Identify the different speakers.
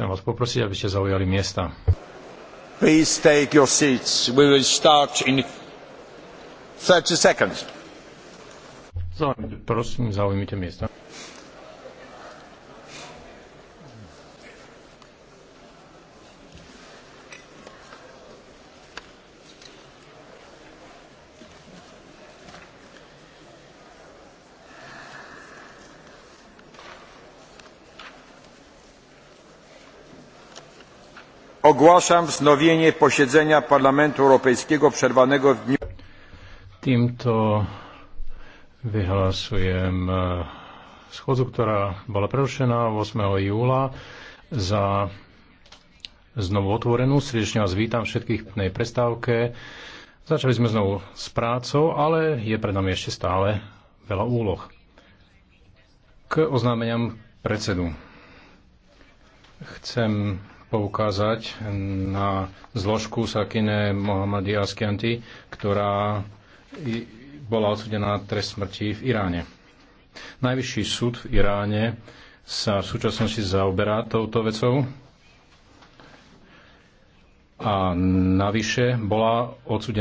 Speaker 1: Chcem vás
Speaker 2: poprosiť, aby ste zaujali
Speaker 1: miesta. Please take your seats. We will start in 30 seconds.
Speaker 3: Prosím, zaujmite miesta.
Speaker 4: Ogłaszam wznowienie posiedzenia Parlamentu Europejskiego przerwanego w dniu...
Speaker 2: Týmto vyhlasujem e, schodzu, ktorá bola prerušená 8. júla za znovu otvorenú. Srdečne vás vítam všetkých v prestávke. Začali sme znovu s prácou, ale je pred nami ešte stále veľa úloh. K oznámeniam predsedu. Chcem poukázať na zložku Sakine Mohamadi Askianti, ktorá bola odsudená trest smrti v Iráne. Najvyšší súd v Iráne sa v súčasnosti zaoberá touto vecou a navyše bola odsudená